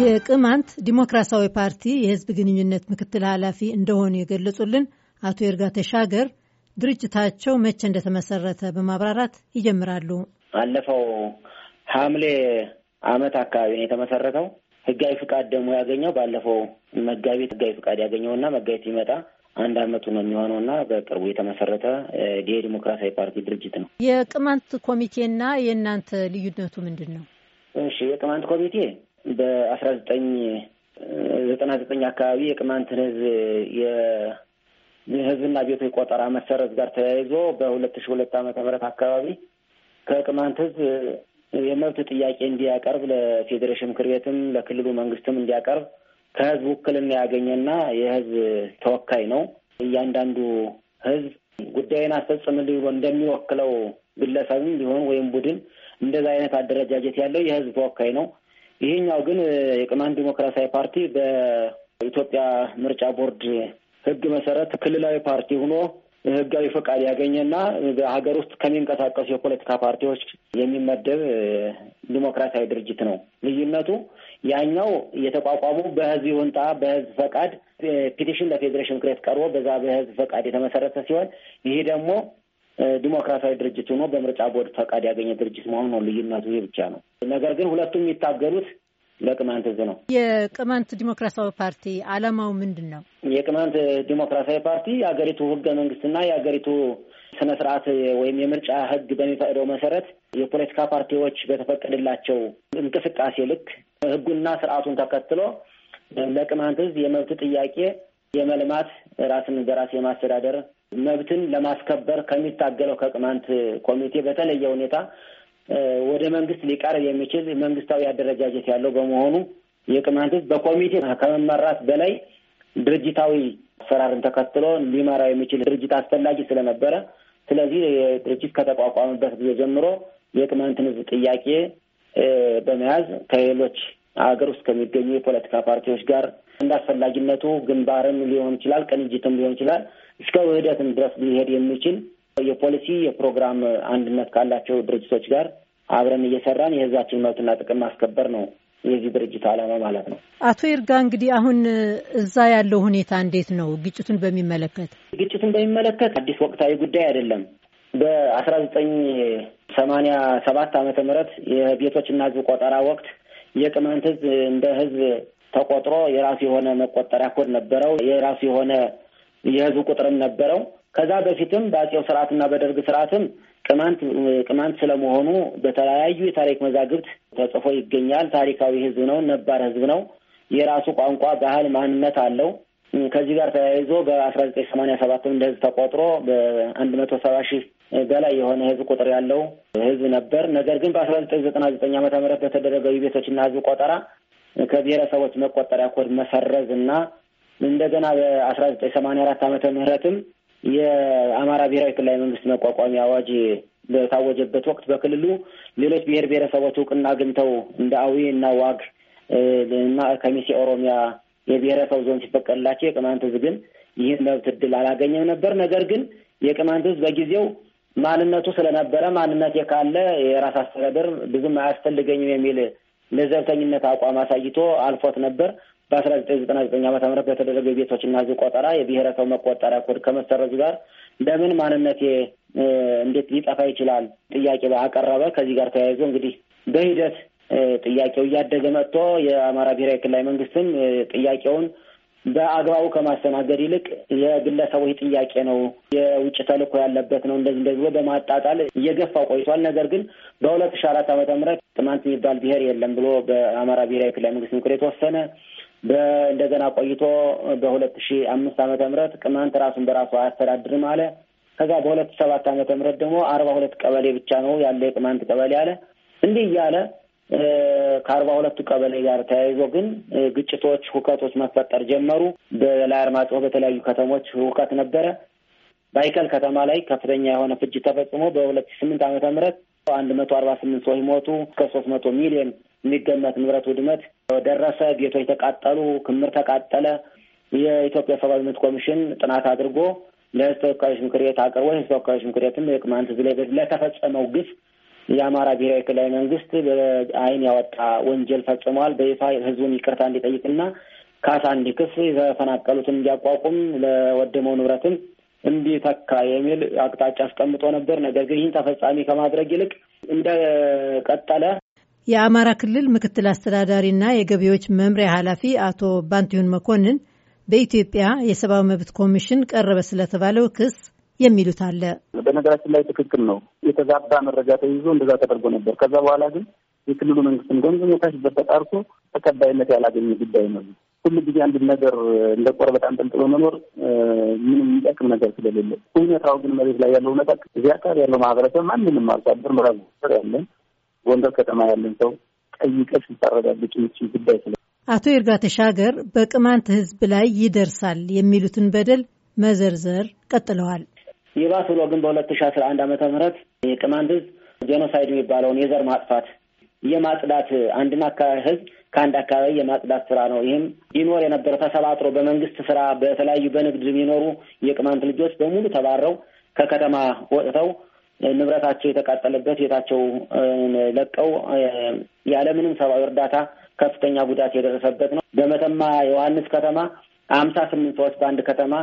የቅማንት ዲሞክራሲያዊ ፓርቲ የህዝብ ግንኙነት ምክትል ኃላፊ እንደሆኑ የገለጹልን አቶ ይርጋ ተሻገር ድርጅታቸው መቼ እንደተመሰረተ በማብራራት ይጀምራሉ። ባለፈው ሐምሌ አመት አካባቢ ነው የተመሰረተው። ህጋዊ ፍቃድ ደግሞ ያገኘው ባለፈው መጋቢት ህጋዊ ፍቃድ ያገኘው እና መጋቢት ሲመጣ አንድ አመቱ ነው የሚሆነው እና በቅርቡ የተመሰረተ የዲሞክራሲያዊ ፓርቲ ድርጅት ነው። የቅማንት ኮሚቴና የእናንተ ልዩነቱ ምንድን ነው? እሺ የቅማንት ኮሚቴ በአስራ ዘጠኝ ዘጠና ዘጠኝ አካባቢ የቅማንትን ህዝብ የህዝብና ቤቶች ቆጠራ መሰረዝ ጋር ተያይዞ በሁለት ሺ ሁለት ዓመተ ምህረት አካባቢ ከቅማንት ህዝብ የመብት ጥያቄ እንዲያቀርብ ለፌዴሬሽን ምክር ቤትም ለክልሉ መንግስትም እንዲያቀርብ ከህዝብ ውክልና ያገኘና የህዝብ ተወካይ ነው። እያንዳንዱ ህዝብ ጉዳይን አስፈጽምልኝ ብሎ እንደሚወክለው ግለሰብም ቢሆን ወይም ቡድን እንደዛ አይነት አደረጃጀት ያለው የህዝብ ተወካይ ነው። ይሄኛው ግን የቅማንት ዲሞክራሲያዊ ፓርቲ በኢትዮጵያ ምርጫ ቦርድ ህግ መሰረት ክልላዊ ፓርቲ ሆኖ ህጋዊ ፈቃድ ያገኘና በሀገር ውስጥ ከሚንቀሳቀሱ የፖለቲካ ፓርቲዎች የሚመደብ ዲሞክራሲያዊ ድርጅት ነው። ልዩነቱ ያኛው የተቋቋሙ በህዝብ ይሁንታ በህዝብ ፈቃድ ፒቲሽን ለፌዴሬሽን ምክር ቤት ቀርቦ በዛ በህዝብ ፈቃድ የተመሰረተ ሲሆን ይሄ ደግሞ ዲሞክራሲያዊ ድርጅት ሆኖ በምርጫ ቦርድ ፈቃድ ያገኘ ድርጅት መሆኑ ነው። ልዩነቱ ይህ ብቻ ነው። ነገር ግን ሁለቱም የሚታገሉት ለቅማንት ህዝብ ነው። የቅማንት ዲሞክራሲያዊ ፓርቲ አላማው ምንድን ነው? የቅማንት ዲሞክራሲያዊ ፓርቲ የሀገሪቱ ህገ መንግስትና የሀገሪቱ ስነ ስርዓት ወይም የምርጫ ህግ በሚፈቅደው መሰረት የፖለቲካ ፓርቲዎች በተፈቀደላቸው እንቅስቃሴ ልክ ህጉና ስርዓቱን ተከትሎ ለቅማንት ህዝብ የመብት ጥያቄ የመልማት ራስን በራስ የማስተዳደር መብትን ለማስከበር ከሚታገለው ከቅማንት ኮሚቴ በተለየ ሁኔታ ወደ መንግስት ሊቀርብ የሚችል መንግስታዊ አደረጃጀት ያለው በመሆኑ የቅማንት ህዝብ በኮሚቴ ከመመራት በላይ ድርጅታዊ አሰራርን ተከትሎ ሊመራ የሚችል ድርጅት አስፈላጊ ስለነበረ ስለዚህ የድርጅት ከተቋቋመበት ጊዜ ጀምሮ የቅማንትን ህዝብ ጥያቄ በመያዝ ከሌሎች ሀገር ውስጥ ከሚገኙ የፖለቲካ ፓርቲዎች ጋር እንዳስፈላጊነቱ ግንባርም ሊሆን ይችላል፣ ቅንጅትም ሊሆን ይችላል እስከ ውህደትም ድረስ ሊሄድ የሚችል የፖሊሲ የፕሮግራም አንድነት ካላቸው ድርጅቶች ጋር አብረን እየሰራን የህዝባችን መብትና ጥቅም ማስከበር ነው የዚህ ድርጅት ዓላማ ማለት ነው። አቶ ይርጋ እንግዲህ አሁን እዛ ያለው ሁኔታ እንዴት ነው? ግጭቱን በሚመለከት ግጭቱን በሚመለከት አዲስ ወቅታዊ ጉዳይ አይደለም። በአስራ ዘጠኝ ሰማንያ ሰባት ዓመተ ምህረት የቤቶችና ህዝብ ቆጠራ ወቅት የቅማንት ህዝብ እንደ ህዝብ ተቆጥሮ የራሱ የሆነ መቆጠሪያ ኮድ ነበረው። የራሱ የሆነ የህዝብ ቁጥርም ነበረው። ከዛ በፊትም በአጼው ስርዓትና በደርግ ስርዓትም ቅማንት ቅማንት ስለመሆኑ በተለያዩ የታሪክ መዛግብት ተጽፎ ይገኛል። ታሪካዊ ህዝብ ነው፣ ነባር ህዝብ ነው። የራሱ ቋንቋ፣ ባህል፣ ማንነት አለው። ከዚህ ጋር ተያይዞ በአስራ ዘጠኝ ሰማንያ ሰባትም እንደ ህዝብ ተቆጥሮ በአንድ መቶ ሰባ ሺህ በላይ የሆነ ህዝብ ቁጥር ያለው ህዝብ ነበር። ነገር ግን በአስራ ዘጠኝ ዘጠና ዘጠኝ ዓመተ ምህረት በተደረገው የቤቶችና ህዝብ ቆጠራ ከብሔረሰቦች መቆጠሪያ ኮድ መሰረዝ እና እንደገና በአስራ ዘጠኝ ሰማንያ አራት ዓመተ ምህረትም የአማራ ብሔራዊ ክልላዊ መንግስት መቋቋሚያ አዋጅ በታወጀበት ወቅት በክልሉ ሌሎች ብሔር ብሔረሰቦች እውቅና አግኝተው እንደ አዊ እና ዋግ እና ከሚሴ ኦሮሚያ የብሔረሰብ ዞን ሲፈቀድላቸው የቅማንት ህዝብ ግን ይህን መብት እድል አላገኘም ነበር። ነገር ግን የቅማንት ህዝብ በጊዜው ማንነቱ ስለነበረ ማንነት ካለ የራስ አስተዳደር ብዙም አያስፈልገኝም የሚል ለዘብተኝነት አቋም አሳይቶ አልፎት ነበር። በአስራ ዘጠኝ ዘጠና ዘጠኝ ዓመተ ምህረት በተደረገ የቤቶችና ህዝብ ቆጠራ የብሔረሰብ መቆጠሪያ ኮድ ከመሰረዙ ጋር በምን ማንነቴ እንዴት ሊጠፋ ይችላል ጥያቄ አቀረበ። ከዚህ ጋር ተያይዞ እንግዲህ በሂደት ጥያቄው እያደገ መጥቶ የአማራ ብሔራዊ ክልላዊ መንግስትም ጥያቄውን በአግባቡ ከማስተናገድ ይልቅ የግለሰቡ ጥያቄ ነው፣ የውጭ ተልእኮ ያለበት ነው፣ እንደዚህ እንደዚህ ብሎ በማጣጣል እየገፋው ቆይቷል። ነገር ግን በሁለት ሺ አራት ዓመተ ምህረት ቅማንት የሚባል ብሔር የለም ብሎ በአማራ ብሔራዊ ክልላዊ መንግስት ምክር የተወሰነ እንደገና ቆይቶ በሁለት ሺ አምስት ዓመተ ምህረት ቅማንት ራሱን በራሱ አያስተዳድርም አለ። ከዛ በሁለት ሰባት ዓመተ ምህረት ደግሞ አርባ ሁለት ቀበሌ ብቻ ነው ያለ የቅማንት ቀበሌ አለ። እንዲህ እያለ ከአርባ ሁለቱ ቀበሌ ጋር ተያይዞ ግን ግጭቶች፣ ሁከቶች መፈጠር ጀመሩ። በላይ አርማጭሆ በተለያዩ ከተሞች ሁከት ነበረ። ባይከል ከተማ ላይ ከፍተኛ የሆነ ፍጅት ተፈጽሞ በሁለት ሺ ስምንት ዓመተ ምህረት አንድ መቶ አርባ ስምንት ሰዎች ሞቱ። እስከ ሶስት መቶ ሚሊዮን የሚገመት ንብረት ውድመት ደረሰ። ቤቶች ተቃጠሉ፣ ክምር ተቃጠለ። የኢትዮጵያ ሰብአዊ መብት ኮሚሽን ጥናት አድርጎ ለህዝብ ተወካዮች ምክር ቤት አቅርቦ የሕዝብ ተወካዮች ምክር ቤትም የቅማንት ሕዝብ ላይ ለተፈጸመው ግፍ የአማራ ብሔራዊ ክልላዊ መንግስት በአይን ያወጣ ወንጀል ፈጽመዋል፣ በይፋ ህዝቡን ይቅርታ እንዲጠይቅና ካሳ እንዲክፍ የተፈናቀሉትን እንዲያቋቁም ለወደመው ንብረትም እንዲተካ የሚል አቅጣጫ አስቀምጦ ነበር። ነገር ግን ይህን ተፈጻሚ ከማድረግ ይልቅ እንደቀጠለ የአማራ ክልል ምክትል አስተዳዳሪና የገቢዎች መምሪያ ኃላፊ አቶ ባንቲሁን መኮንን በኢትዮጵያ የሰብአዊ መብት ኮሚሽን ቀረበ ስለተባለው ክስ የሚሉት አለ። በነገራችን ላይ ትክክል ነው። የተዛባ መረጃ ተይዞ እንደዛ ተደርጎ ነበር። ከዛ በኋላ ግን የክልሉ መንግስትን ገንዝሞ ካሽበት ተጣርቶ ተቀባይነት ያላገኘ ጉዳይ ነው። ሁሉ ጊዜ አንድ ነገር እንደ ቆርበት አንጠልጥሎ መኖር ምንም የሚጠቅም ነገር ስለሌለ፣ እውነታው ግን መሬት ላይ ያለው ነጠቅ እዚህ አካባቢ ያለው ማህበረሰብ ማንንም አርሶ አደር ምራ ያለን ጎንደር ከተማ ያለን ሰው ጠይቀሽ ልታረጋግጭ የምትችል ጉዳይ ስለ አቶ ይርጋ ተሻገር በቅማንት ህዝብ ላይ ይደርሳል የሚሉትን በደል መዘርዘር ቀጥለዋል። ይባስ ብሎ ግን በሁለት ሺ አስራ አንድ አመተ ምህረት የቅማንት ህዝብ ጄኖሳይድ የሚባለውን የዘር ማጥፋት የማጽዳት አንድን አካባቢ ህዝብ ከአንድ አካባቢ የማጽዳት ስራ ነው። ይህም ይኖር የነበረ ተሰባጥሮ በመንግስት ስራ፣ በተለያዩ በንግድ የሚኖሩ የቅማንት ልጆች በሙሉ ተባረው ከከተማ ወጥተው ንብረታቸው የተቃጠለበት ቤታቸው ለቀው ያለምንም ሰብአዊ እርዳታ ከፍተኛ ጉዳት የደረሰበት ነው። በመተማ ዮሐንስ ከተማ አምሳ ስምንት ሰዎች በአንድ ከተማ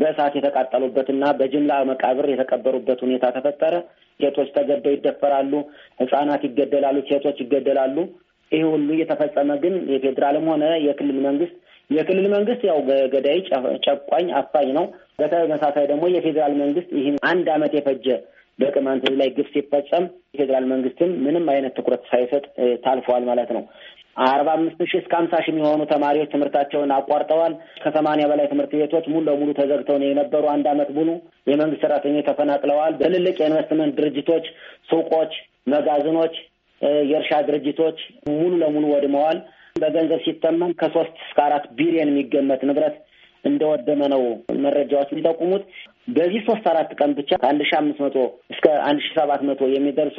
በእሳት የተቃጠሉበትና በጅምላ መቃብር የተቀበሩበት ሁኔታ ተፈጠረ። ሴቶች ተገደው ይደፈራሉ፣ ህጻናት ይገደላሉ፣ ሴቶች ይገደላሉ። ይህ ሁሉ እየተፈጸመ ግን የፌዴራልም ሆነ የክልል መንግስት የክልል መንግስት ያው ገዳይ፣ ጨቋኝ፣ አፋኝ ነው። በተመሳሳይ ደግሞ የፌዴራል መንግስት ይህን አንድ አመት የፈጀ በቅማንት ላይ ግፍ ሲፈጸም የፌዴራል መንግስትም ምንም አይነት ትኩረት ሳይሰጥ ታልፈዋል ማለት ነው። አርባ አምስት ሺህ እስከ ሀምሳ ሺህ የሚሆኑ ተማሪዎች ትምህርታቸውን አቋርጠዋል። ከሰማንያ በላይ ትምህርት ቤቶች ሙሉ ለሙሉ ተዘግተው ነው የነበሩ። አንድ አመት ሙሉ የመንግስት ሰራተኞች ተፈናቅለዋል። ትልልቅ የኢንቨስትመንት ድርጅቶች፣ ሱቆች፣ መጋዘኖች፣ የእርሻ ድርጅቶች ሙሉ ለሙሉ ወድመዋል። በገንዘብ ሲተመን ከሶስት እስከ አራት ቢሊዮን የሚገመት ንብረት እንደወደመ ነው መረጃዎች የሚጠቁሙት። በዚህ ሶስት አራት ቀን ብቻ ከአንድ ሺ አምስት መቶ እስከ አንድ ሺ ሰባት መቶ የሚደርሱ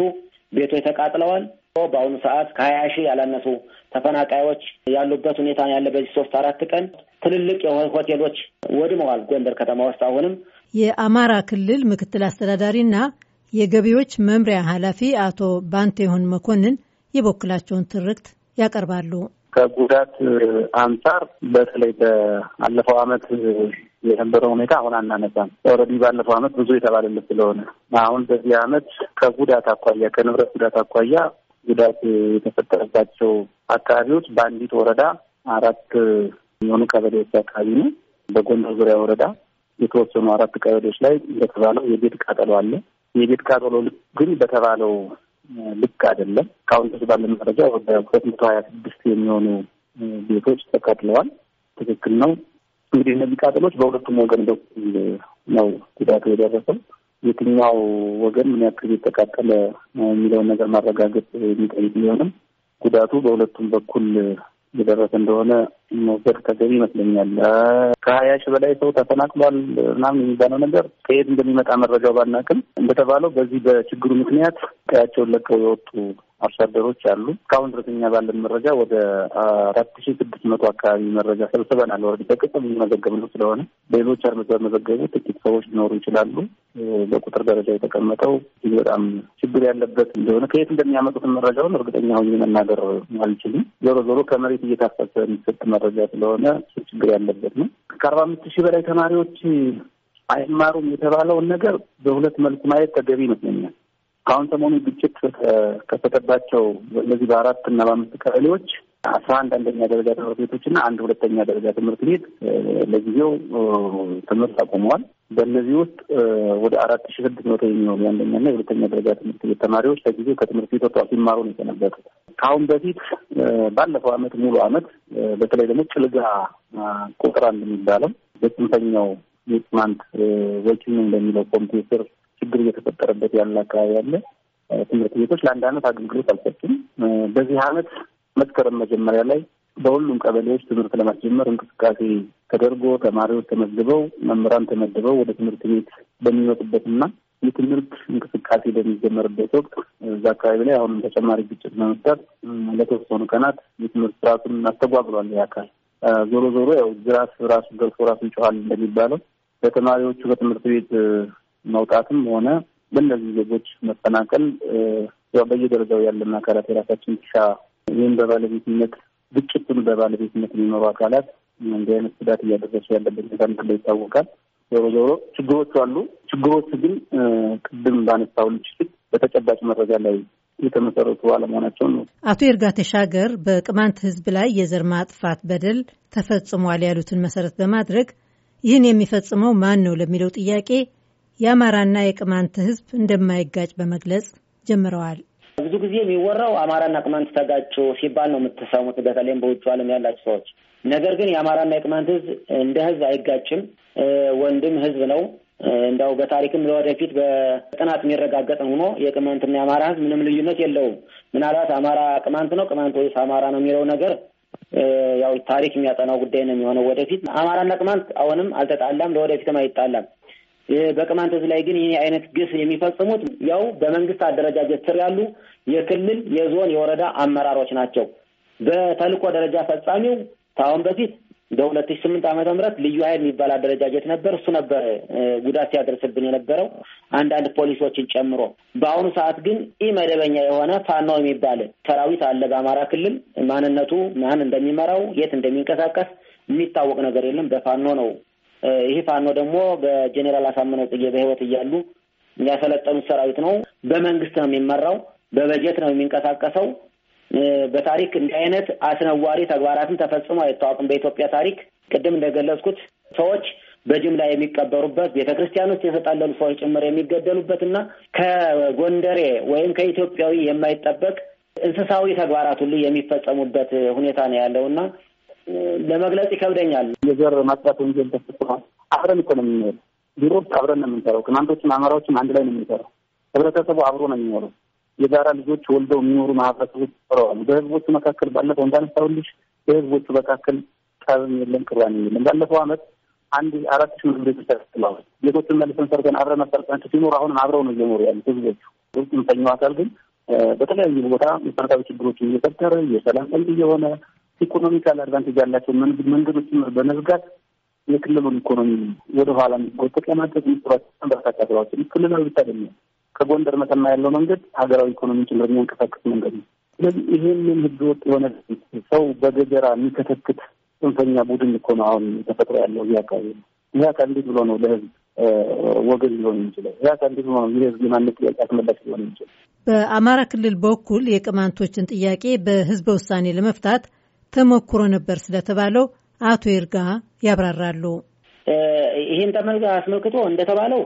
ቤቶች ተቃጥለዋል። በአሁኑ ሰዓት ከሀያ ሺህ ያላነሱ ተፈናቃዮች ያሉበት ሁኔታ ነው ያለ። በዚህ ሶስት አራት ቀን ትልልቅ ሆቴሎች ወድመዋል ጎንደር ከተማ ውስጥ። አሁንም የአማራ ክልል ምክትል አስተዳዳሪና የገቢዎች መምሪያ ኃላፊ አቶ ባንቴሆን መኮንን የበኩላቸውን ትርክት ያቀርባሉ። ከጉዳት አንጻር በተለይ በአለፈው ዓመት የነበረው ሁኔታ አሁን አናነሳም። ኦልሬዲ ባለፈው አመት ብዙ የተባለለት ስለሆነ አሁን በዚህ አመት ከጉዳት አኳያ ከንብረት ጉዳት አኳያ ጉዳት የተፈጠረባቸው አካባቢዎች በአንዲት ወረዳ አራት የሚሆኑ ቀበሌዎች አካባቢ ነው። በጎንደር ዙሪያ ወረዳ የተወሰኑ አራት ቀበሌዎች ላይ እንደተባለው የቤት ቃጠሎ አለ። የቤት ቃጠሎ ግን በተባለው ልክ አይደለም። ከአሁን ድረስ ባለን መረጃ ወደ ሁለት መቶ ሀያ ስድስት የሚሆኑ ቤቶች ተቃጥለዋል። ትክክል ነው። እንግዲህ እነዚህ ቃጠሎች በሁለቱም ወገን በኩል ነው ጉዳቱ የደረሰው። የትኛው ወገን ምን ያክል የተቃጠለ የሚለውን ነገር ማረጋገጥ የሚጠይቅ ቢሆንም ጉዳቱ በሁለቱም በኩል የደረሰ እንደሆነ መውሰድ ተገቢ ይመስለኛል። ከሀያ ሺህ በላይ ሰው ተፈናቅሏል ምናምን የሚባለው ነገር ከየት እንደሚመጣ መረጃው ባናቅም እንደተባለው በዚህ በችግሩ ምክንያት ቀያቸውን ለቀው የወጡ አርሶ አደሮች አሉ። እስካሁን ድረስ እኛ ባለን መረጃ ወደ አራት ሺ ስድስት መቶ አካባቢ መረጃ ሰብስበናል። ወረድ በቅጽ የምንመዘገብ ነው ስለሆነ ሌሎች አርመት በመዘገቡ ጥቂት ሰዎች ሊኖሩ ይችላሉ። በቁጥር ደረጃ የተቀመጠው በጣም ችግር ያለበት እንደሆነ ከየት እንደሚያመጡትን መረጃውን እርግጠኛ ሆኜ መናገር አልችልም። ዞሮ ዞሮ ከመሬት እየታፈሰ የሚሰጥ መረጃ ስለሆነ ችግር ያለበት ነው። ከአርባ አምስት ሺህ በላይ ተማሪዎች አይማሩም የተባለውን ነገር በሁለት መልኩ ማየት ተገቢ ይመስለኛል። ከአሁን ሰሞኑ ግጭት ከፈተባቸው እነዚህ በአራት እና በአምስት ቀበሌዎች አስራ አንድ አንደኛ ደረጃ ትምህርት ቤቶችና አንድ ሁለተኛ ደረጃ ትምህርት ቤት ለጊዜው ትምህርት አቁመዋል። በእነዚህ ውስጥ ወደ አራት ሺ ስድስት መቶ የሚሆኑ የአንደኛና የሁለተኛ ደረጃ ትምህርት ቤት ተማሪዎች ለጊዜው ከትምህርት ቤት ወጥተው ሲማሩ ነው የሰነበቱት። ከአሁን በፊት ባለፈው አመት ሙሉ አመት በተለይ ደግሞ ጭልጋ ቁጥር አንድ የሚባለው በጽንፈኛው የቅማንት ወኪል እንደሚለው ኮምፒውተር ችግር እየተፈጠረበት ያለ አካባቢ ያለ ትምህርት ቤቶች ለአንድ አመት አገልግሎት አልሰጡም። በዚህ አመት መስከረም መጀመሪያ ላይ በሁሉም ቀበሌዎች ትምህርት ለማስጀመር እንቅስቃሴ ተደርጎ ተማሪዎች ተመዝግበው መምህራን ተመድበው ወደ ትምህርት ቤት በሚመጡበትና የትምህርት እንቅስቃሴ በሚጀመርበት ወቅት እዛ አካባቢ ላይ አሁንም ተጨማሪ ግጭት በመፍጠር ለተወሰኑ ቀናት የትምህርት ስርዓቱን አስተጓግሏል። ይህ አካል ዞሮ ዞሮ ያው ጅራፍ ራሱ ገብቶ ራሱ ይጮሃል እንደሚባለው ለተማሪዎቹ በትምህርት ቤት መውጣትም ሆነ በእነዚህ ዜጎች መፈናቀል ያው በየደረጃው ያለን አካላት የራሳችን ድርሻ ይህም በባለቤትነት ግጭቱን በባለቤትነት የሚኖሩ አካላት እንዲህ አይነት ጉዳት እያደረሱ ያለበት ሁኔታ እንዳለ ይታወቃል። ዞሮ ዞሮ ችግሮቹ አሉ። ችግሮቹ ግን ቅድም ባነሳው ልችል በተጨባጭ መረጃ ላይ የተመሰረቱ አለመሆናቸውን ነው። አቶ ይርጋ ተሻገር በቅማንት ህዝብ ላይ የዘር ማጥፋት በደል ተፈጽሟል ያሉትን መሰረት በማድረግ ይህን የሚፈጽመው ማን ነው ለሚለው ጥያቄ የአማራና የቅማንት ህዝብ እንደማይጋጭ በመግለጽ ጀምረዋል። ብዙ ጊዜ የሚወራው አማራና ቅማንት ተጋጩ ሲባል ነው የምትሰሙት። በተለይም በውጭ ዓለም ያላቸው ሰዎች ነገር ግን የአማራና የቅማንት ህዝብ እንደ ህዝብ አይጋጭም። ወንድም ህዝብ ነው። እንዲያው በታሪክም ለወደፊት በጥናት የሚረጋገጥ ሆኖ የቅማንትና የአማራ ህዝብ ምንም ልዩነት የለውም። ምናልባት አማራ ቅማንት ነው፣ ቅማንት ወይስ አማራ ነው የሚለው ነገር ያው ታሪክ የሚያጠናው ጉዳይ ነው የሚሆነው ወደፊት። አማራና ቅማንት አሁንም አልተጣላም፣ ለወደፊትም አይጣላም። በቅማንት ህዝብ ላይ ግን ይህ አይነት ግስ የሚፈጽሙት ያው በመንግስት አደረጃጀት ስር ያሉ የክልል የዞን የወረዳ አመራሮች ናቸው። በተልእኮ ደረጃ ፈጻሚው ከአሁን በፊት እንደ ሁለት ሺ ስምንት ዓመተ ምህረት ልዩ ኃይል የሚባል አደረጃጀት ነበር። እሱ ነበር ጉዳት ሲያደርስብን የነበረው አንዳንድ ፖሊሶችን ጨምሮ። በአሁኑ ሰዓት ግን ኢ መደበኛ የሆነ ፋኖ የሚባል ሰራዊት አለ በአማራ ክልል። ማንነቱ ማን እንደሚመራው የት እንደሚንቀሳቀስ የሚታወቅ ነገር የለም። በፋኖ ነው። ይህ ፋኖ ደግሞ በጄኔራል አሳምነው ጽጌ በህይወት እያሉ ያሰለጠኑት ሰራዊት ነው። በመንግስት ነው የሚመራው። በበጀት ነው የሚንቀሳቀሰው። በታሪክ እንዲህ አይነት አስነዋሪ ተግባራትን ተፈጽሞ አይታወቅም በኢትዮጵያ ታሪክ። ቅድም እንደገለጽኩት ሰዎች በጅምላ የሚቀበሩበት ቤተ ክርስቲያን ውስጥ የተጣለሉ ሰዎች ጭምር የሚገደሉበት እና ከጎንደሬ ወይም ከኢትዮጵያዊ የማይጠበቅ እንስሳዊ ተግባራት ሁሉ የሚፈጸሙበት ሁኔታ ነው ያለው እና ለመግለጽ ይከብደኛል። የዘር ማጽዳት ወንጀል ተፈጽሟል። አብረን እኮ ነው የምንሄደው። ቢሮ አብረን ነው የምንሰራው። ቅማንቶችም አማራዎችም አንድ ላይ ነው የምንሰራው። ህብረተሰቡ አብሮ ነው የሚኖረው። የጋራ ልጆች ወልደው የሚኖሩ ማህበረሰቦች ይኖረዋሉ። በህዝቦቹ መካከል ባለፈው እንዳነሳሁልሽ በህዝቦቹ መካከል ጠብም የለም፣ ቅራኔም የለም። ባለፈው አመት አንድ አራት ሺ ምግብ ቤቶች ተከትለዋል። ቤቶችን መልሰን ሰርተን አብረ መሰርጠናቸው ሲኖሩ አሁንም አብረው ነው እየኖሩ ያሉት ህዝቦቹ። ጽንፈኛው አካል ግን በተለያዩ ቦታ መሰረታዊ ችግሮችን እየፈጠረ የሰላም ቀልድ እየሆነ ኢኮኖሚካል አድቫንቴጅ ያላቸው መንገዶችን በመዝጋት የክልሉን ኢኮኖሚ ወደኋላ እንዲጎተት ለማድረግ ሚስራቸው በርካታ ስራዎችን ክልላዊ ብቻ ከጎንደር መተማ ያለው መንገድ ሀገራዊ ኢኮኖሚ ኢኮኖሚችን በሚያንቀሳቅስ መንገድ ነው። ስለዚህ ይሄንን ወጥ የሆነ ሰው በገጀራ የሚከተክት ጽንፈኛ ቡድን እኮ ነው አሁን ተፈጥሮ ያለው ይህ አካባቢ ነው። ይህ አካል እንዴት ብሎ ነው ለህዝብ ወገን ሊሆን ይችላል? ይህ አካል እንዴት ብሎ ነው የህዝብ የማንነት ጥያቄ አስመላሽ ሊሆን ይችላል? በአማራ ክልል በኩል የቅማንቶችን ጥያቄ በህዝበ ውሳኔ ለመፍታት ተሞክሮ ነበር ስለተባለው አቶ ይርጋ ያብራራሉ። ይህን ተመልጋ አስመልክቶ እንደተባለው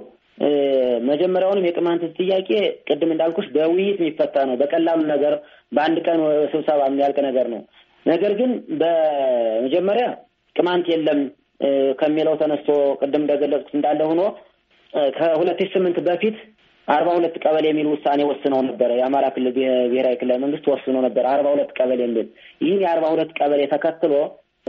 መጀመሪያውንም የቅማንት ጥያቄ ቅድም እንዳልኩሽ በውይይት የሚፈታ ነው። በቀላሉ ነገር በአንድ ቀን ስብሰባ የሚያልቅ ነገር ነው። ነገር ግን በመጀመሪያ ቅማንት የለም ከሚለው ተነስቶ ቅድም እንደገለጽኩት እንዳለ ሆኖ ከሁለት ሺህ ስምንት በፊት አርባ ሁለት ቀበሌ የሚል ውሳኔ ወስነው ነበረ። የአማራ ክልል ብሔራዊ ክልላዊ መንግስት ወስኖ ነበር አርባ ሁለት ቀበሌ የሚል ይህን የአርባ ሁለት ቀበሌ ተከትሎ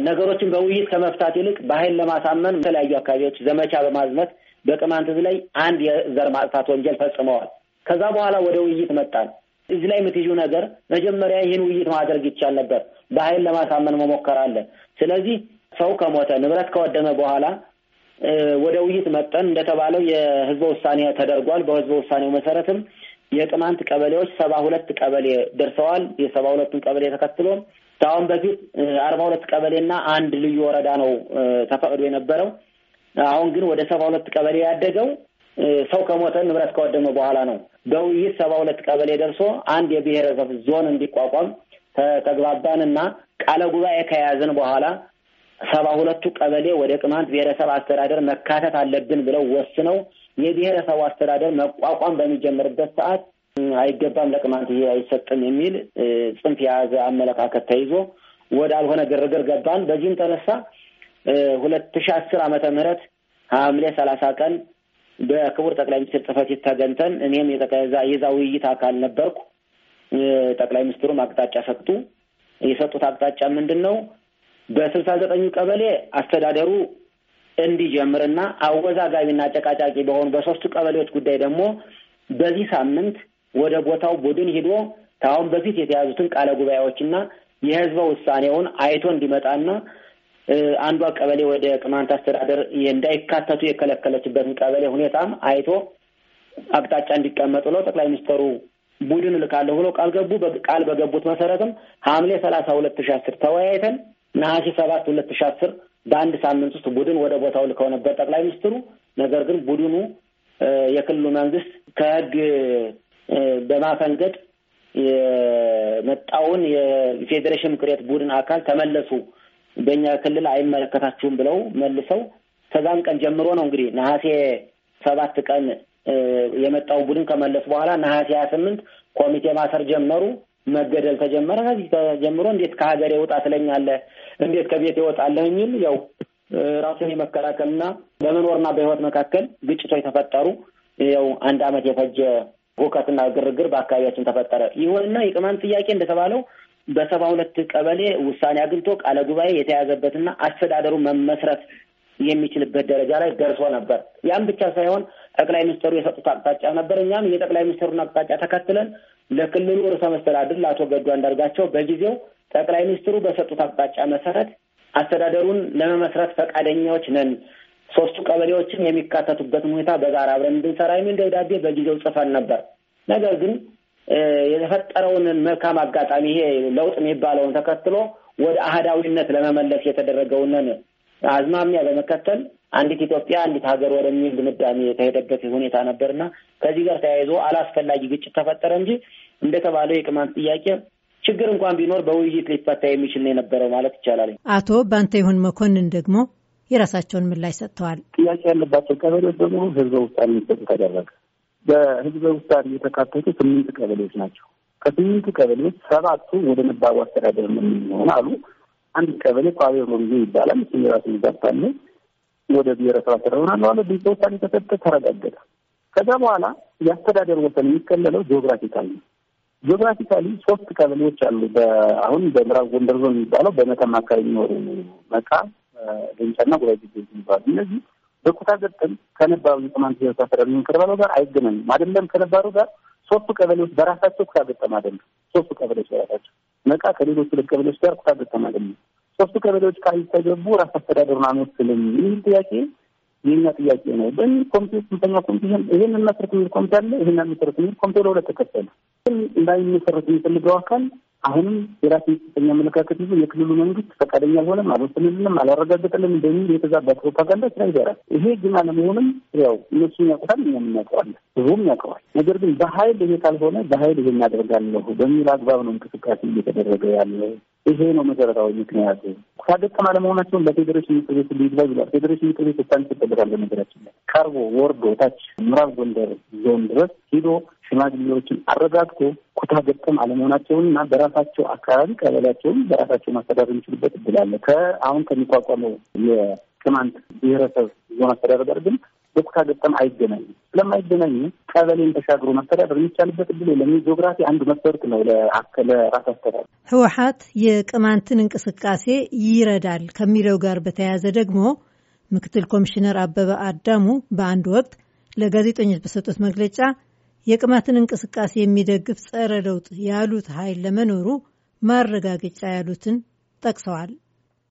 ነገሮችን በውይይት ከመፍታት ይልቅ በኃይል ለማሳመን የተለያዩ አካባቢዎች ዘመቻ በማዝመት በቅማንት ላይ አንድ የዘር ማጥፋት ወንጀል ፈጽመዋል። ከዛ በኋላ ወደ ውይይት መጣል። እዚህ ላይ የምትይዙ ነገር መጀመሪያ ይህን ውይይት ማድረግ ይቻል ነበር። በኃይል ለማሳመን መሞከር አለ። ስለዚህ ሰው ከሞተ ንብረት ከወደመ በኋላ ወደ ውይይት መጠን እንደተባለው የህዝበ ውሳኔ ተደርጓል። በህዝበ ውሳኔው መሰረትም የቅማንት ቀበሌዎች ሰባ ሁለት ቀበሌ ደርሰዋል። የሰባ ሁለቱን ቀበሌ ተከትሎ ከአሁን በፊት አርባ ሁለት ቀበሌና አንድ ልዩ ወረዳ ነው ተፈቅዶ የነበረው። አሁን ግን ወደ ሰባ ሁለት ቀበሌ ያደገው ሰው ከሞተ ንብረት ከወደመ በኋላ ነው። በውይይት ሰባ ሁለት ቀበሌ ደርሶ አንድ የብሔረሰብ ዞን እንዲቋቋም ተግባባንና ቃለ ጉባኤ ከያዝን በኋላ ሰባ ሁለቱ ቀበሌ ወደ ቅማንት ብሔረሰብ አስተዳደር መካተት አለብን ብለው ወስነው የብሔረሰቡ አስተዳደር መቋቋም በሚጀምርበት ሰዓት አይገባም፣ ለቅማንት አይሰጥም የሚል ጽንፍ የያዘ አመለካከት ተይዞ ወደ አልሆነ ግርግር ገባን። በዚህም ተነሳ ሁለት ሺ አስር አመተ ምህረት ሐምሌ ሰላሳ ቀን በክቡር ጠቅላይ ሚኒስትር ጽሕፈት ቤት ተገንተን እኔም የዛ ውይይት አካል ነበርኩ። ጠቅላይ ሚኒስትሩም አቅጣጫ ሰጡ። የሰጡት አቅጣጫ ምንድን ነው? በስልሳ ዘጠኙ ቀበሌ አስተዳደሩ እንዲጀምርና አወዛጋቢና አጨቃጫቂ በሆኑ በሶስቱ ቀበሌዎች ጉዳይ ደግሞ በዚህ ሳምንት ወደ ቦታው ቡድን ሂዶ ከአሁን በፊት የተያዙትን ቃለ ጉባኤዎችና የህዝበ ውሳኔውን አይቶ እንዲመጣና አንዷ ቀበሌ ወደ ቅማንት አስተዳደር እንዳይካተቱ የከለከለችበትን ቀበሌ ሁኔታም አይቶ አቅጣጫ እንዲቀመጥ ብለው ጠቅላይ ሚኒስትሩ ቡድን እልካለሁ ብሎ ቃል ገቡ። ቃል በገቡት መሰረትም ሐምሌ ሰላሳ ሁለት ሺ አስር ተወያይተን ነሐሴ ሰባት ሁለት ሺ አስር በአንድ ሳምንት ውስጥ ቡድን ወደ ቦታው ልከው ነበር ጠቅላይ ሚኒስትሩ። ነገር ግን ቡድኑ የክልሉ መንግስት ከህግ በማፈንገጥ የመጣውን የፌዴሬሽን ምክር ቤት ቡድን አካል ተመለሱ፣ በእኛ ክልል አይመለከታችሁም ብለው መልሰው ከዛን ቀን ጀምሮ ነው እንግዲህ ነሐሴ ሰባት ቀን የመጣው ቡድን ከመለሱ በኋላ ነሐሴ ሀያ ስምንት ኮሚቴ ማሰር ጀመሩ። መገደል ተጀመረ። ከዚህ ተጀምሮ እንዴት ከሀገር የወጣ ትለኛለህ? እንዴት ከቤት ይወጣለህ? የሚል ያው ራሱን የመከላከልና በመኖርና በህይወት መካከል ግጭቶች ተፈጠሩ። ያው አንድ አመት የፈጀ ሁከትና ግርግር በአካባቢያችን ተፈጠረ። ይሁንና የቅማንት ጥያቄ እንደተባለው በሰባ ሁለት ቀበሌ ውሳኔ አግኝቶ ቃለ ጉባኤ የተያዘበትና አስተዳደሩ መመስረት የሚችልበት ደረጃ ላይ ደርሶ ነበር። ያም ብቻ ሳይሆን ጠቅላይ ሚኒስትሩ የሰጡት አቅጣጫ ነበር። እኛም የጠቅላይ ሚኒስትሩን አቅጣጫ ተከትለን ለክልሉ ርዕሰ መስተዳድር ለአቶ ገዱ አንዳርጋቸው በጊዜው ጠቅላይ ሚኒስትሩ በሰጡት አቅጣጫ መሰረት አስተዳደሩን ለመመስረት ፈቃደኛዎች ነን ሶስቱ ቀበሌዎችም የሚካተቱበትን ሁኔታ በጋራ አብረን እንድንሰራ የሚል ደብዳቤ በጊዜው ጽፈን ነበር። ነገር ግን የተፈጠረውን መልካም አጋጣሚ ይሄ ለውጥ የሚባለውን ተከትሎ ወደ አህዳዊነት ለመመለስ የተደረገውን አዝማሚያ በመከተል አንዲት ኢትዮጵያ አንዲት ሀገር ወደሚል ድምዳሜ የተሄደበት ሁኔታ ነበርና ከዚህ ጋር ተያይዞ አላስፈላጊ ግጭት ተፈጠረ እንጂ እንደተባለው የቅማንት ጥያቄ ችግር እንኳን ቢኖር በውይይት ሊፈታ የሚችል ነው የነበረው ማለት ይቻላል። አቶ ባንተ ይሁን መኮንን ደግሞ የራሳቸውን ምላሽ ሰጥተዋል። ጥያቄ ያለባቸው ቀበሌዎች ደግሞ ህዝበ ውሳኔ እንዲሰጡ ተደረገ። በህዝበ ውሳኔ የተካተቱ ስምንት ቀበሌዎች ናቸው። ከስምንቱ ቀበሌዎች ሰባቱ ወደ ነባሩ አስተዳደር የምንሆን አሉ። አንድ ቀበሌ ቋቤ ጊዜ ይባላል። እሱ የራሱ ይዛታለ ወደ ብሔረሰብ አስተዳደር ሆናለ ዋለ ህዝበ ውሳኔ ተሰጠ፣ ተረጋገጠ። ከዛ በኋላ የአስተዳደር ወሰን የሚከለለው ጂኦግራፊካል ነው። ጂኦግራፊካሊ ሶስት ቀበሌዎች አሉ። አሁን በምዕራብ ጎንደር ዞን የሚባለው በመተማ አካባቢ የሚኖሩ መቃ ድንጫና ጉራጌ ጌዝ ይባሉ። እነዚህ በኩታ ገጠም ከነባሩ የቅማንት ብሔረሰብ አስተዳደር የሚንከባለው ጋር አይገናኙም። አይደለም ከነባሩ ጋር ሶስቱ ቀበሌዎች በራሳቸው ኩታ ገጠም አይደለም። ሶስቱ ቀበሌዎች በራሳቸው መቃ ከሌሎች ሁለት ቀበሌዎች ጋር ኩታ ገጠም አይደለም። ሶስቱ ቀበሌዎች ካልተገቡ ራስ አስተዳደሩን አንወስልም የሚል ጥያቄ የኛ ጥያቄ ነው። በሚል ኮሚቴ ስንተኛ ኮሚቴ ይህን መሰረት የሚል ኮሚቴ አለ። ይህን መሰረት የሚል ኮሚቴ ለሁለት ተከፈለ። ግን እንዳይመሰረት የሚፈልገው አካል አሁንም የራሱ የጭጠኛ አመለካከት ይዞ የክልሉ መንግስት ፈቃደኛ አልሆነም፣ አልወሰንልንም፣ አላረጋገጠልም እንደሚል የተዛባ ፕሮፓጋንዳ ስራ ይሰራል። ይሄ ግን አለመሆንም ያው እነሱ ያውቁታል፣ እኛም እናውቀዋለን፣ ህዝቡም ያውቀዋል። ነገር ግን በሀይል ይሄ ካልሆነ በሀይል ይሄ እናደርጋለሁ በሚል አግባብ ነው እንቅስቃሴ እየተደረገ ያለ። ይሄ ነው መሰረታዊ ምክንያቱ። ሳደቀም አለመሆናቸውን ለፌዴሬሽን ምክር ቤት ሊግባ ይላል። ፌዴሬሽን ምክር ቤት ስታን ይጠበቃል። በነገራችን ላይ ቀርቦ ወርዶ ታች ምዕራብ ጎንደር ዞን ድረስ ሂዶ ሽማግሌዎችን አረጋግቶ ኩታ ገጠም አለመሆናቸውን እና በራሳቸው አካባቢ ቀበሌያቸውን በራሳቸው ማስተዳደር የሚችሉበት እድል አለ። ከአሁን ከሚቋቋመው የቅማንት ብሔረሰብ ዞን አስተዳደር ጋር ግን በኩታ ገጠም አይገናኝም። ስለማይገናኝ ቀበሌን ተሻግሮ ማስተዳደር የሚቻልበት እድል የለም። ጂኦግራፊ አንዱ መስፈርት ነው ለራስ አስተዳደር። ህወሀት የቅማንትን እንቅስቃሴ ይረዳል ከሚለው ጋር በተያያዘ ደግሞ ምክትል ኮሚሽነር አበበ አዳሙ በአንድ ወቅት ለጋዜጠኞች በሰጡት መግለጫ የቅማትን እንቅስቃሴ የሚደግፍ ጸረ ለውጥ ያሉት ኃይል ለመኖሩ ማረጋገጫ ያሉትን ጠቅሰዋል።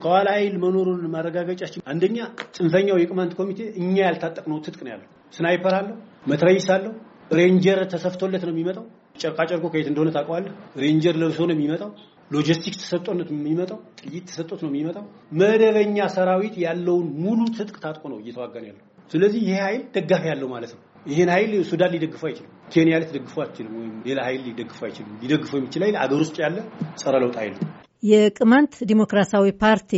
ከኋላ ኃይል መኖሩን ማረጋገጫችን አንደኛ ጽንፈኛው የቅማንት ኮሚቴ እኛ ያልታጠቅነው ትጥቅ ነው ያለው። ስናይፐር አለው፣ መትረይስ አለው፣ ሬንጀር ተሰፍቶለት ነው የሚመጣው። ጨርቆ ከየት እንደሆነ ታውቀዋለህ። ሬንጀር ለብሶ ነው የሚመጣው። ሎጂስቲክስ ተሰጦነት ነው የሚመጣው። ጥይት ተሰጦት ነው የሚመጣው። መደበኛ ሰራዊት ያለውን ሙሉ ትጥቅ ታጥቆ ነው እየተዋጋን ያለው። ስለዚህ ይህ ኃይል ደጋፊ ያለው ማለት ነው። ይሄን ኃይል ሱዳን ሊደግፈው አይችልም፣ ኬንያ ልትደግፈው አትችልም፣ ወይም ሌላ ኃይል ሊደግፈው አይችልም። ሊደግፈው የሚችል ኃይል አገር ውስጥ ያለ ጸረ ለውጥ ኃይል ነው። የቅማንት ዲሞክራሲያዊ ፓርቲ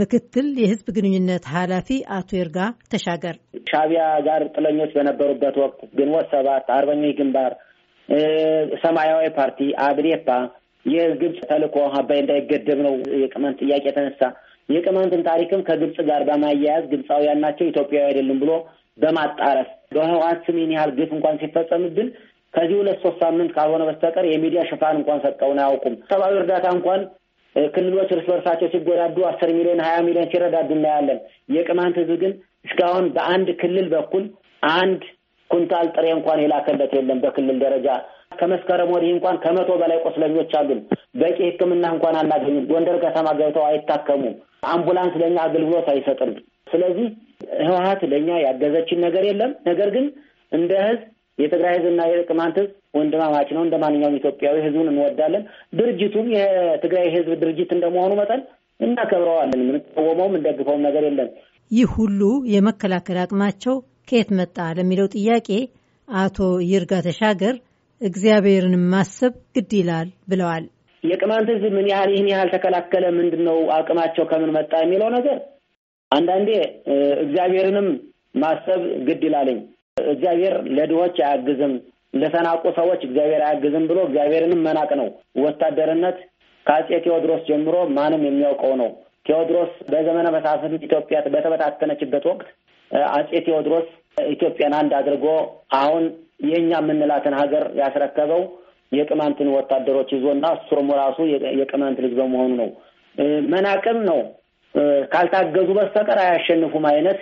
ምክትል የህዝብ ግንኙነት ኃላፊ አቶ ይርጋ ተሻገር ሻቢያ ጋር ጥለኞች በነበሩበት ወቅት ግንቦት ሰባት አርበኞች ግንባር፣ ሰማያዊ ፓርቲ፣ አብዴፓ የግብፅ ተልእኮ አባይ እንዳይገደብ ነው የቅማንት ጥያቄ የተነሳ የቅማንትን ታሪክም ከግብፅ ጋር በማያያዝ ግብፃውያን ናቸው ኢትዮጵያዊ አይደሉም ብሎ በማጣረስ በህወሀት ስም ይህን ያህል ግፍ እንኳን ሲፈጸምብን ከዚህ ሁለት ሶስት ሳምንት ካልሆነ በስተቀር የሚዲያ ሽፋን እንኳን ሰጠውን አያውቁም። ሰብአዊ እርዳታ እንኳን ክልሎች እርስ በርሳቸው ሲጎዳዱ አስር ሚሊዮን ሀያ ሚሊዮን ሲረዳዱ እናያለን። የቅማንት ህዝብ ግን እስካሁን በአንድ ክልል በኩል አንድ ኩንታል ጥሬ እንኳን የላከለት የለም። በክልል ደረጃ ከመስከረም ወዲህ እንኳን ከመቶ በላይ ቆስለኞች አሉን። በቂ ሕክምና እንኳን አናገኙም። ጎንደር ከተማ ገብተው አይታከሙም። አምቡላንስ ለእኛ አገልግሎት አይሰጥም። ስለዚህ ህወሀት ለእኛ ያገዘችን ነገር የለም። ነገር ግን እንደ ህዝብ የትግራይ ህዝብና የቅማንት ህዝብ ወንድማማች ነው። እንደ ማንኛውም ኢትዮጵያዊ ህዝቡን እንወዳለን። ድርጅቱም የትግራይ ህዝብ ድርጅት እንደመሆኑ መጠን እናከብረዋለን። የምንቃወመውም እንደግፈውም ነገር የለም። ይህ ሁሉ የመከላከል አቅማቸው ከየት መጣ ለሚለው ጥያቄ አቶ ይርጋ ተሻገር እግዚአብሔርን ማሰብ ግድ ይላል ብለዋል። የቅማንት ህዝብ ምን ያህል ይህን ያህል ተከላከለ፣ ምንድን ነው አቅማቸው ከምን መጣ የሚለው ነገር አንዳንዴ እግዚአብሔርንም ማሰብ ግድ ይላለኝ። እግዚአብሔር ለድሆች አያግዝም፣ ለተናቁ ሰዎች እግዚአብሔር አያግዝም ብሎ እግዚአብሔርንም መናቅ ነው። ወታደርነት ከአጼ ቴዎድሮስ ጀምሮ ማንም የሚያውቀው ነው። ቴዎድሮስ በዘመነ መሳፍንት ኢትዮጵያ በተበታተነችበት ወቅት አጼ ቴዎድሮስ ኢትዮጵያን አንድ አድርጎ አሁን የእኛ የምንላትን ሀገር ያስረከበው የቅማንትን ወታደሮች ይዞና እሱም ራሱ የቅማንት ልጅ በመሆኑ ነው። መናቅም ነው ካልታገዙ በስተቀር አያሸንፉም አይነት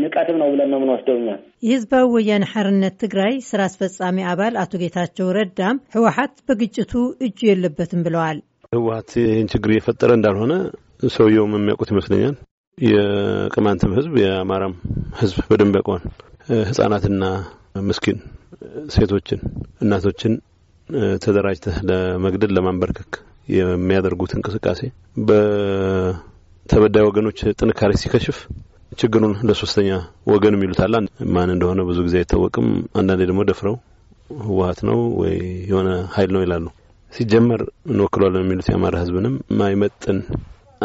ንቀትም ነው ብለን ነው የምንወስደው እኛ። የህዝባዊ ወያነ ሐርነት ትግራይ ስራ አስፈጻሚ አባል አቶ ጌታቸው ረዳም ህወሀት በግጭቱ እጁ የለበትም ብለዋል። ህወሀት ይህን ችግር እየፈጠረ እንዳልሆነ ሰውየውም የሚያውቁት ይመስለኛል። የቅማንትም ህዝብ የአማራም ህዝብ በደንብ ያውቀዋል። ህጻናትና ምስኪን ሴቶችን፣ እናቶችን ተደራጅተህ ለመግደል ለማንበርከክ የሚያደርጉት እንቅስቃሴ ተበዳይ ወገኖች ጥንካሬ ሲከሽፍ ችግሩን ለሶስተኛ ወገን የሚሉታል። ማን እንደሆነ ብዙ ጊዜ አይታወቅም። አንዳንዴ ደግሞ ደፍረው ህወሀት ነው ወይ የሆነ ሀይል ነው ይላሉ። ሲጀመር እንወክሏለን የሚሉት የአማራ ህዝብንም ማይመጥን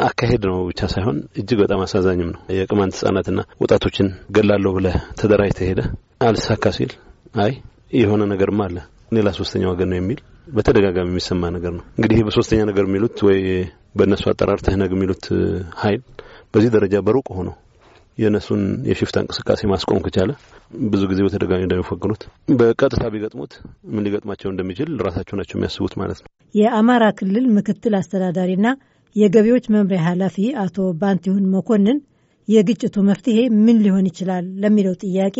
አካሄድ ነው ብቻ ሳይሆን እጅግ በጣም አሳዛኝም ነው። የቅማንት ህጻናትና ወጣቶችን ገላለሁ ብለ ተደራጅ ተሄደ አልሳካ ሲል አይ የሆነ ነገርም አለ ሌላ ሶስተኛ ወገን ነው የሚል በተደጋጋሚ የሚሰማ ነገር ነው። እንግዲህ በሶስተኛ ነገር የሚሉት ወይ በእነሱ አጠራር ትህነግ የሚሉት ኃይል በዚህ ደረጃ በሩቅ ሆኖ የእነሱን የሽፍታ እንቅስቃሴ ማስቆም ከቻለ ብዙ ጊዜ በተደጋጋሚ እንደሚፈግኑት በቀጥታ ቢገጥሙት ምን ሊገጥማቸው እንደሚችል ራሳቸው ናቸው የሚያስቡት ማለት ነው። የአማራ ክልል ምክትል አስተዳዳሪና የገቢዎች መምሪያ ኃላፊ አቶ ባንቲሁን መኮንን የግጭቱ መፍትሄ ምን ሊሆን ይችላል ለሚለው ጥያቄ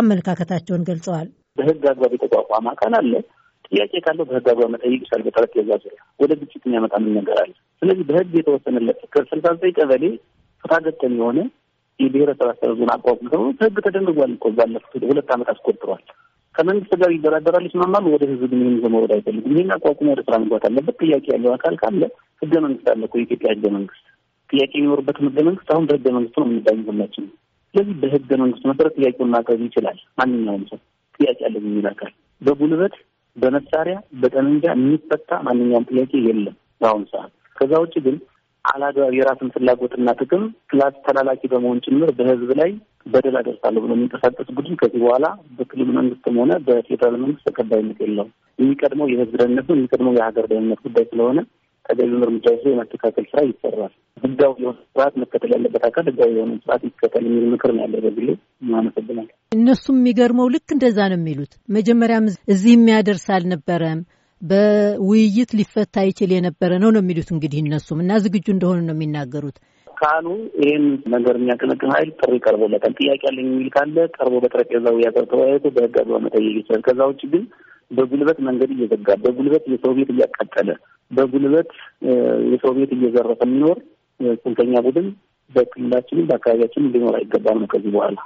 አመለካከታቸውን ገልጸዋል። በህግ አግባብ የተቋቋመ አካል አለ። ጥያቄ ካለው በህግ አግባብ መጠየቅ ይችላል። በጠረጴዛ ዙሪያ ወደ ግጭት የሚያመጣ ምን ነገር አለ? ስለዚህ በህግ የተወሰነለት ከስልሳ ዘጠኝ ቀበሌ ፍታገተን የሆነ የብሔረሰብ አስተዳደር አቋቁም አቋቁሞ ህግ ተደንግጓል እኮ ባለፉት ሁለት ዓመት አስቆጥሯል። ከመንግስት ጋር ይደራደራል፣ ይስማማል። ወደ ህዝብ ግን ይህን ዘመወድ አይፈልግም። ይህን አቋቁሞ ወደ ስራ መግባት አለበት። ጥያቄ ያለው አካል ካለ ህገ መንግስት አለ እኮ የኢትዮጵያ ህገ መንግስት። ጥያቄ የሚኖርበትም ህገ መንግስት አሁን በህገ መንግስቱ ነው የምንዳኝ ሁላችን። ስለዚህ በህገ መንግስቱ መሰረት ጥያቄውን ማቅረብ ይችላል ማንኛውም ሰው። ጥያቄ አለኝ የሚል አካል በጉልበት በመሳሪያ በጠመንጃ የሚፈታ ማንኛውም ጥያቄ የለም በአሁኑ ሰዓት። ከዛ ውጭ ግን አላግባብ የራስን ፍላጎትና ጥቅም ፕላስ ተላላኪ በመሆን ጭምር በህዝብ ላይ በደል አደርሳለሁ ብሎ የሚንቀሳቀስ ቡድን ከዚህ በኋላ በክልል መንግስትም ሆነ በፌዴራል መንግስት ተቀባይነት የለውም። የሚቀድመው የህዝብ ደህንነት ነው። የሚቀድመው የሀገር ደህንነት ጉዳይ ስለሆነ ተገቢውን እርምጃ ይዞ የማስተካከል ስራ ይሰራል። ህጋዊ የሆነ ስርዓት መከተል ያለበት አካል ህጋዊ የሆነ ስርዓት ይከተል የሚል ምክር ነው ያለ። በግሌ አመሰግናል። እነሱም የሚገርመው ልክ እንደዛ ነው የሚሉት። መጀመሪያም እዚህ የሚያደርስ አልነበረም በውይይት ሊፈታ ይችል የነበረ ነው ነው የሚሉት እንግዲህ እነሱም እና ዝግጁ እንደሆኑ ነው የሚናገሩት። ካህኑ ይህን ነገር የሚያቀነቅን ኃይል ጥሪ ቀርቦለታል። ጥያቄ ያለኝ የሚል ካለ ቀርቦ በጠረጴዛው ያቀር ተወያይቶ በህግ አግባብ መጠየቅ ይችላል። ከዛ ውጭ ግን በጉልበት መንገድ እየዘጋ በጉልበት የሰው ቤት እያቃጠለ በጉልበት የሰው ቤት እየዘረፈ የሚኖር ጽንፈኛ ቡድን በክልላችንም በአካባቢያችንም ሊኖር አይገባም ነው። ከዚህ በኋላ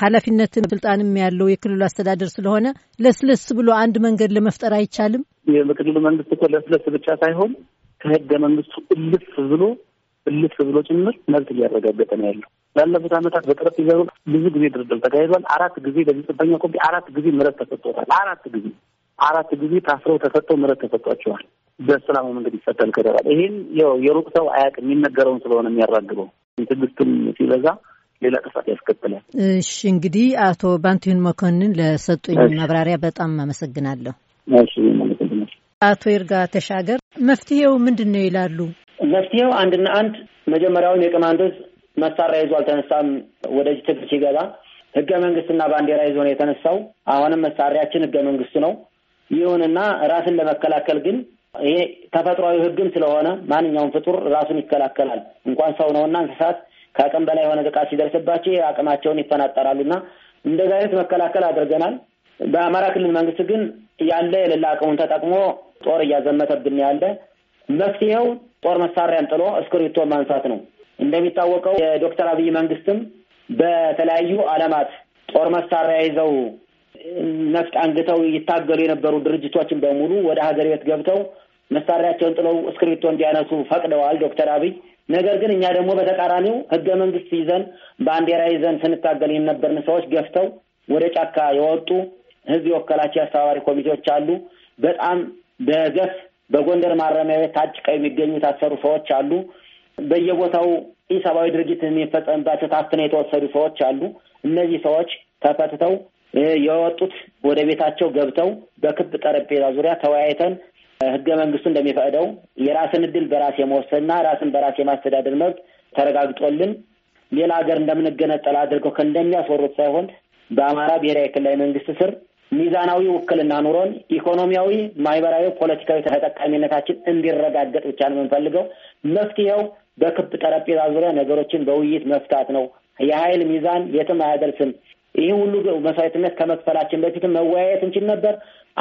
ኃላፊነትም ስልጣንም ያለው የክልሉ አስተዳደር ስለሆነ ለስለስ ብሎ አንድ መንገድ ለመፍጠር አይቻልም። የክልሉ መንግስት እኮ ለስለስ ብቻ ሳይሆን ከህገ መንግስቱ እልፍ ብሎ እልፍ ብሎ ጭምር መብት እያረጋገጠ ነው ያለው። ላለፉት ዓመታት በጠረጴዛ ብዙ ጊዜ ድርድር ተካሂዷል። አራት ጊዜ ለዚህ ጽንፈኛ ኮሚቴ አራት ጊዜ ምህረት ተሰጥቶታል። አራት ጊዜ አራት ጊዜ ታስረው ተፈተው ምህረት ተሰጧቸዋል። በሰላሙ መንገድ ይፈታል ከተባለ ይህን ው የሩቅ ሰው አያውቅም። የሚነገረውን ስለሆነ የሚያራግበው ትዕግስትም ሲበዛ ሌላ ጥፋት ያስከትላል። እሺ እንግዲህ አቶ ባንቲሁን መኮንን ለሰጡኝ ማብራሪያ በጣም አመሰግናለሁ። አቶ ይርጋ ተሻገር መፍትሄው ምንድን ነው ይላሉ? መፍትሄው አንድና አንድ መጀመሪያውን የቅማንዶዝ መሳሪያ ይዞ አልተነሳም። ወደዚህ ትግል ሲገባ ህገ መንግስትና ባንዲራ ይዞ ነው የተነሳው። አሁንም መሳሪያችን ህገ መንግስቱ ነው። ይሁንና ራስን ለመከላከል ግን ይሄ ተፈጥሯዊ ህግም ስለሆነ ማንኛውም ፍጡር ራሱን ይከላከላል። እንኳን ሰው ነውና እንስሳት ከአቅም በላይ የሆነ ጥቃት ሲደርስባቸው አቅማቸውን ይፈናጠራሉና እንደዚህ አይነት መከላከል አድርገናል። በአማራ ክልል መንግስት ግን ያለ የሌላ አቅሙን ተጠቅሞ ጦር እያዘመተብን ያለ መፍትሄው ጦር መሳሪያን ጥሎ እስክሪብቶ ማንሳት ነው። እንደሚታወቀው የዶክተር አብይ መንግስትም በተለያዩ አለማት ጦር መሳሪያ ይዘው ነፍጥ አንግተው ይታገሉ የነበሩ ድርጅቶችን በሙሉ ወደ ሀገር ቤት ገብተው መሳሪያቸውን ጥለው እስክሪብቶ እንዲያነሱ ፈቅደዋል ዶክተር አብይ። ነገር ግን እኛ ደግሞ በተቃራኒው ህገ መንግስት ይዘን ባንዲራ ይዘን ስንታገል የነበርን ሰዎች ገፍተው ወደ ጫካ የወጡ ህዝብ የወከላቸው የአስተባባሪ ኮሚቴዎች አሉ። በጣም በገፍ በጎንደር ማረሚያ ቤት ታጭቀው የሚገኙ የታሰሩ ሰዎች አሉ። በየቦታው ኢሰብአዊ ድርጊት የሚፈጸምባቸው ታፍነው የተወሰዱ ሰዎች አሉ። እነዚህ ሰዎች ተፈትተው የወጡት ወደ ቤታቸው ገብተው በክብ ጠረጴዛ ዙሪያ ተወያይተን ህገ መንግስቱ እንደሚፈቅደው የራስን እድል በራስ የመወሰንና ራስን በራስ የማስተዳደር መብት ተረጋግጦልን ሌላ ሀገር እንደምንገነጠል አድርገው ከእንደሚያስወሩት ሳይሆን በአማራ ብሔራዊ ክልላዊ መንግስት ስር ሚዛናዊ ውክልና ኑሮን ኢኮኖሚያዊ፣ ማህበራዊ፣ ፖለቲካዊ ተጠቃሚነታችን እንዲረጋገጥ ብቻ ነው የምንፈልገው። መፍትሄው በክብ ጠረጴዛ ዙሪያ ነገሮችን በውይይት መፍታት ነው። የኃይል ሚዛን የትም አያደርስም። ይህ ሁሉ መስዋዕትነት ከመክፈላችን በፊት መወያየት እንችል ነበር።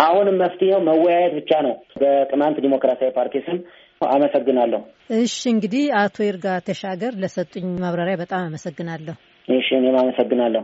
አሁንም መፍትሄው መወያየት ብቻ ነው። በቅማንት ዲሞክራሲያዊ ፓርቲ ስም አመሰግናለሁ። እሺ፣ እንግዲህ አቶ ይርጋ ተሻገር ለሰጡኝ ማብራሪያ በጣም አመሰግናለሁ። እሺ፣ እኔም አመሰግናለሁ።